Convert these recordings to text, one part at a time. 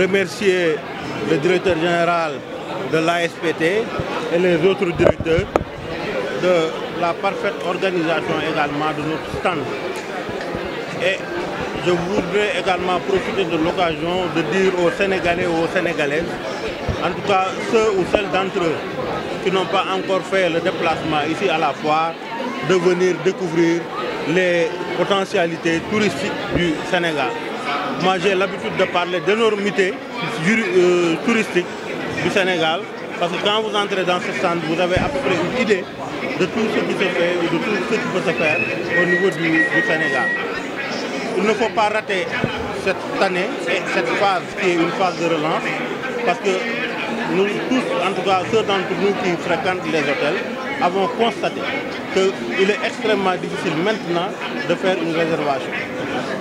remercier le directeur général de l'ASPT et les autres directeurs de la parfaite organisation également de notre stand. Et je voudrais également profiter de l'occasion de dire aux Sénégalais ou aux Sénégalaises, en tout cas ceux ou celles d'entre eux qui n'ont pas encore fait le déplacement ici à la foire, de venir découvrir les potentialités touristiques du Sénégal. Moi, j'ai l'habitude de parler d'énormité euh, touristique du Sénégal, parce que quand vous entrez dans ce centre, vous avez à peu près une idée de tout ce qui se fait ou de tout ce qui peut se faire au niveau du, Sénégal. Il ne faut pas rater cette année cette phase qui est une phase de relance, parce que nous tous, en tout cas ceux d'entre nous qui fréquentent les hôtels, avons constaté qu'il est extrêmement difficile maintenant de faire une réservation.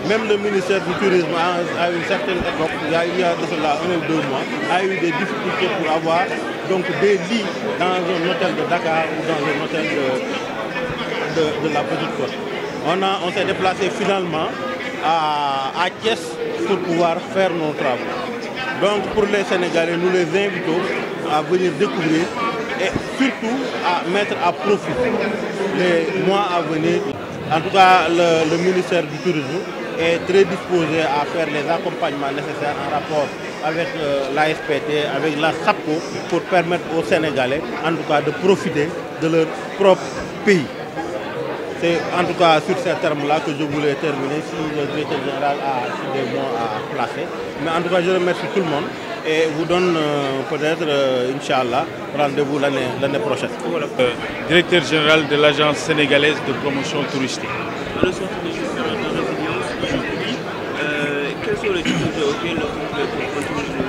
Même le ministère du Tourisme, a une certaine époque, il y a eu ou deux mois, a eu des difficultés pour avoir donc, des lits dans un hôtel de Dakar ou dans un hôtel de, la Petite Côte. On, on s'est déplacé finalement à, à pour pouvoir faire nos travaux. Donc pour les Sénégalais, nous les invitons à venir découvrir et surtout à mettre à profit les mois à venir. En tout cas, le, ministère du Tourisme est très disposé à faire les accompagnements nécessaires en rapport avec euh, la SPT, avec la SAPO, pour permettre aux Sénégalais, en tout cas, de profiter de leur propre pays. C'est en tout cas sur ces termes-là que je voulais terminer, si le directeur général a des mots à placer. Mais en tout cas, je remercie tout le monde et vous donne euh, peut-être, euh, Inch'Allah, rendez-vous l'année prochaine. Euh, directeur général de l'Agence sénégalaise de promotion touristique. quels sont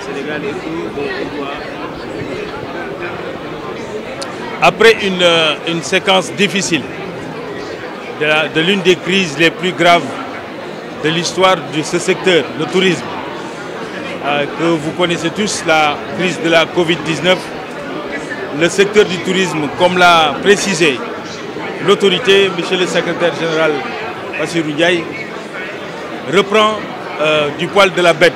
Sénégal Après une, séquence difficile de l'une des crises les plus graves de l'histoire de ce secteur, le tourisme, euh, que vous connaissez tous, la crise de la Covid-19. Le secteur du tourisme, comme l'a précisé l'autorité, M. le secrétaire général M. Ndiaye, reprend euh, du poil de la bête.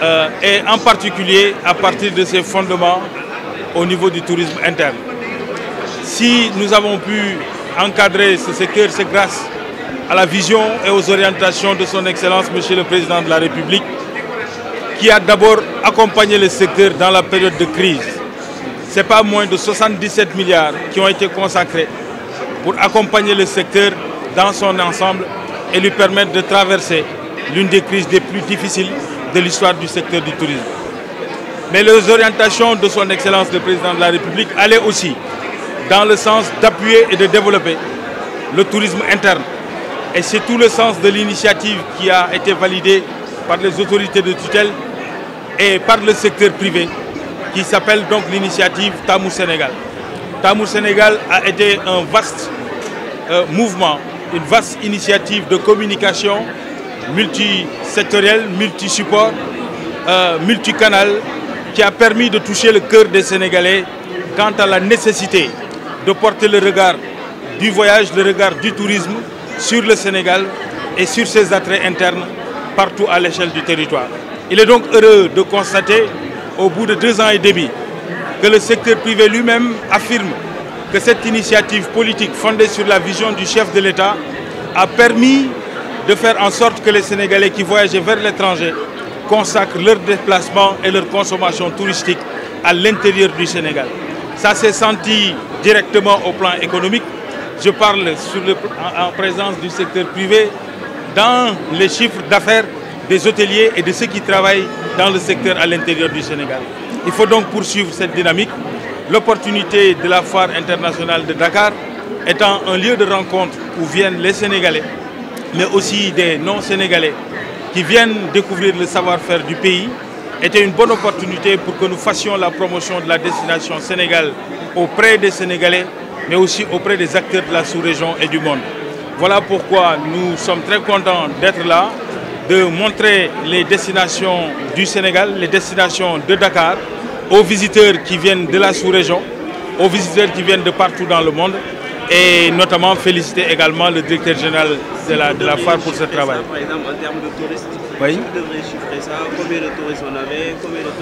Euh, et en particulier à partir de ses fondements au niveau du tourisme interne. Si nous avons pu encadrer ce secteur, c'est grâce à la vision et aux orientations de son Excellence, M. le Président de la République, qui a d'abord accompagné le secteur dans la période de crise. Ce n'est pas moins de 77 milliards qui ont été consacrés pour accompagner le secteur dans son ensemble et lui permettre de traverser l'une des crises les plus difficiles de l'histoire du secteur du tourisme. Mais les orientations de son Excellence le Président de la République allaient aussi dans le sens d'appuyer et de développer le tourisme interne. Et c'est tout le sens de l'initiative qui a été validée par les autorités de tutelle et par le secteur privé qui s'appelle donc l'initiative Tamou Sénégal. Tamou Sénégal a été un vaste euh, mouvement, une vaste initiative de communication multisectorielle, multi-support, euh, multicanal, qui a permis de toucher le cœur des Sénégalais quant à la nécessité de porter le regard du voyage, le regard du tourisme sur le Sénégal et sur ses attraits internes partout à l'échelle du territoire. Il est donc heureux de constater, au bout de deux ans et demi, que le secteur privé lui-même affirme que cette initiative politique fondée sur la vision du chef de l'État a permis de faire en sorte que les Sénégalais qui voyagent vers l'étranger consacrent leur déplacement et leur consommation touristique à l'intérieur du Sénégal. Ça s'est senti directement au plan économique. Je parle en présence du secteur privé dans les chiffres d'affaires des hôteliers et de ceux qui travaillent dans le secteur à l'intérieur du Sénégal. Il faut donc poursuivre cette dynamique. L'opportunité de la foire internationale de Dakar étant un lieu de rencontre où viennent les Sénégalais, mais aussi des non-Sénégalais qui viennent découvrir le savoir-faire du pays, était une bonne opportunité pour que nous fassions la promotion de la destination Sénégal auprès des Sénégalais, mais aussi auprès des acteurs de la sous-région et du monde. Voilà pourquoi nous sommes très contents d'être là de montrer les destinations du Sénégal, les destinations de Dakar, aux visiteurs qui viennent de la sous-région, aux visiteurs qui viennent de partout dans le monde, et notamment féliciter également le directeur général de la, de la FAR pour ce travail.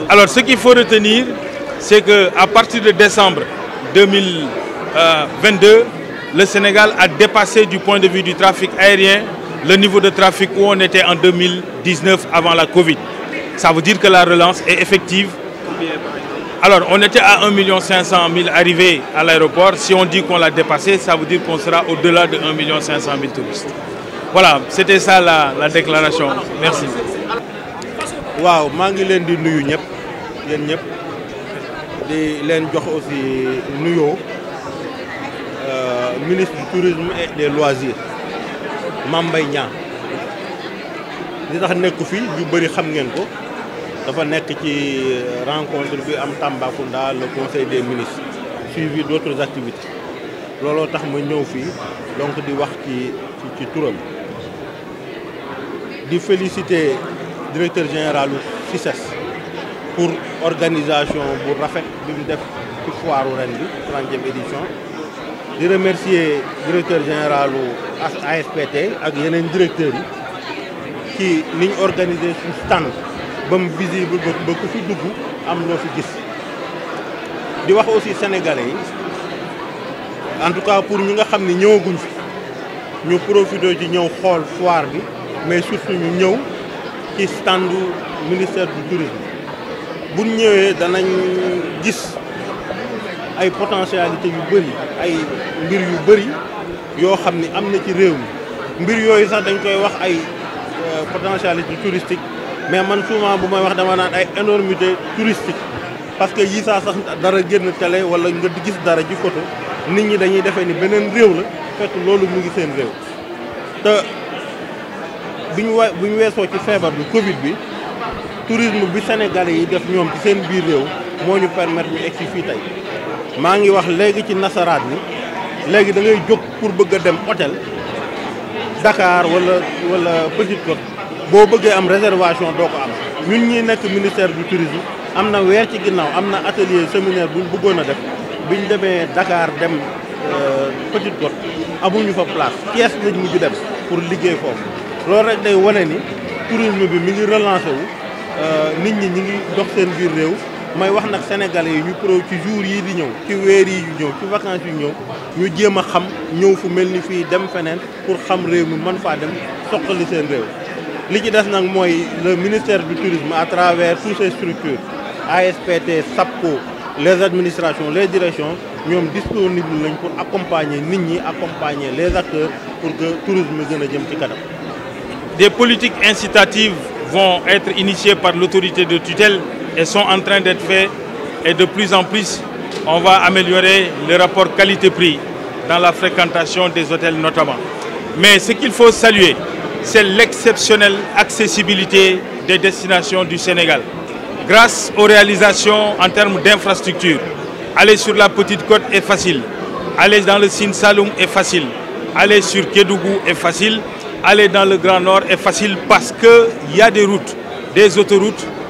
Alors, ce qu'il faut retenir, c'est qu'à partir de décembre 2022, euh, le Sénégal a dépassé du point de vue du trafic aérien le niveau de trafic où on était en 2019 avant la Covid. Ça veut dire que la relance est effective. Alors, on était à 1 500 000 arrivés à l'aéroport. Si on dit qu'on l'a dépassé, ça veut dire qu'on sera au-delà de 1 500 000 touristes. Voilà, c'était ça la, déclaration. Merci. Wow, je suis di aussi euh, ministre du tourisme et des loisirs Mambay Mbaye Niang li tax nekku fi yu bari xam ngeen ko dafa nek ci euh, rencontre bi am Tambacounda le conseil des ministres suivi d'autres activités Lolo tax ma ñew fi donc di wax ci ci touram. di féliciter directeur général CICES pour organisation bu rafet bi mu def ci foiru ren bi 30e édition di remercier directeur général ak ASPT ak yeneen directeur yi ci ni ñu organiser stand ba mu visible ba ku fi dugg am loo fi gis di wax aussi sénégalais yi en tout cas pour ñu nga xam ne ñëwaguñ fi ñu profité ci ñëw xool foire bi mais surtout ñu ñëw ci standu ministère du tourisme buñ ñëwee danañ gis ay potentialité yu bëri ay mbir yu bëri yoo xam ni am na ci réew mi mbir yooyu sax dañ koy wax ay euh, potentialité touristique mais man souvent bu may wax dama naan ay énormité touristique parce que yii saa sax dara génn tele wala nga gis dara ci photo nit ñi dañuy defee ni beneen réew la fekk loolu mu ngi seen réew te bi ñu wa bu ñu weesoo ci feebar bi Covid bi tourisme bi senegale yi def ñoom ci seen biir réew moo ñu permettre ñu egg si fii tey maa ngi wax léegi ci nasaraat ni léegi da ngay jóg pour bëgg a dem hôtel Dakar wala wala Petite Côte boo bëggee am réservation doo ko am ñun ñi nekk ministère du tourisme am na weer ci ginnaaw am na atelier séminaire buñ bëggoon a def ñu demee dakaar dem euh, Petite Côte amuñu fa place Thiès lañ mujj dem pour liggéey foofu loolu rek day wane ni tourisme bi mi ngi relancé wu euh, nit ñi ñi ngi dox seen biir réew may wax nak sénégalais ñu pro ci jours yi di ñëw ci weer yi yu ñëw ci vacances yi ñëw ñu jéma xam ñëw fu melni fi dem fenen pour xam réew mi man fa dem sokkali seen réew li ci des nak moy le ministère du tourisme à travers toutes ses structures ASPT SAPCO les administrations les directions nous disponible lañ pour accompagner nit ñi accompagner les acteurs pour que tourisme gën jëm ci kanam. Des politiques incitatives vont être initiées par l'autorité de tutelle et sont en train d'être faits. Et de plus en plus, on va améliorer le rapport qualité-prix dans la fréquentation des hôtels notamment. Mais ce qu'il faut saluer, c'est l'exceptionnelle accessibilité des destinations du Sénégal. Grâce aux réalisations en termes d'infrastructures, aller sur la Petite Côte est facile, aller dans le Sin Saloum est facile, aller sur Kédougou est facile, aller dans le Grand Nord est facile parce qu'il y a des routes, des autoroutes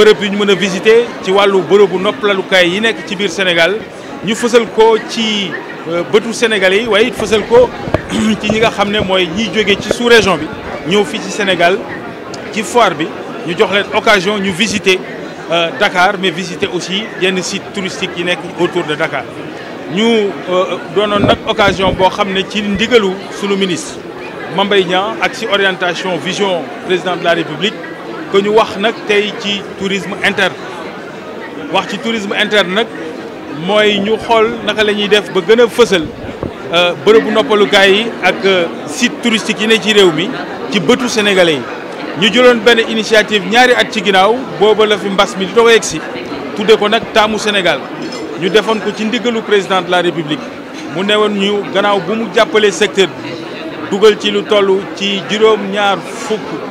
bërëb yu ñu mën visiter ci wàllu bërëbu noppalukaay yi nekk ci Sénégal Nous faisons ko ci euh, bëtu Sénégalais yi waaye it fësal ko ci ñi nga xam ne mooy ñiy ci région bi ñëw fii ci Sénégal ci foire nous avons l'occasion de occasion ñu visiter euh, Dakar mais visiter aussi yenn sites touristiques qui nekk autour de Dakar Nous euh, donnons nag occasion boo xam ne ci ndigalu sunu ministre Mame Mbaye ak orientation vision président de la République ko ñu wax nag tey ci tourisme inter wax ci tourisme interne nag mooy ñu xool naka la def ba gën a fësal euh, bërëbu noppalukaay yi ak euh, site touristique yi ne ci réew mi ci bëtu sénégalais yi. ñu jëloon benn initiative ñaari at ci ginnaaw booba la fi mbas mi di doog a tudde ko nag taamu Sénégal ñu defoon ko ci ndigalu président la république mu ne woon ñu gannaaw bu mu jàppalee secteur bi dugal ci lu toll ci juróom-ñaar fukk.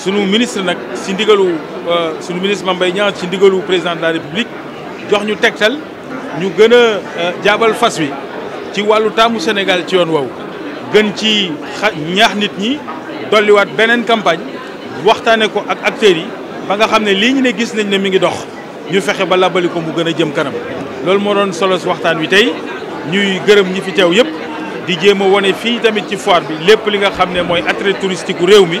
sunu ministre nak ci euh sunu ministre Mame Mbaye Niang ci ndigalou président de la république jox ñu tegtal ñu gëna euh, jabal fas wi ci walu tamu Sénégal ci yoon waw gën ci ñaax nit ñi dolliwaat benen campagne waxtane ko ak acteur yi ba nga xamné li lii ñu ne gis nañ ne mi ngi dox ñu fexé ba labaliko mu gëna jëm kanam. lool mo doon solo waxtaan wi tay ñuy gëreum ñi fi tew yépp di jéma woné fi tamit ci foire bi lépp li nga xamné moy attrait touristique réew mi.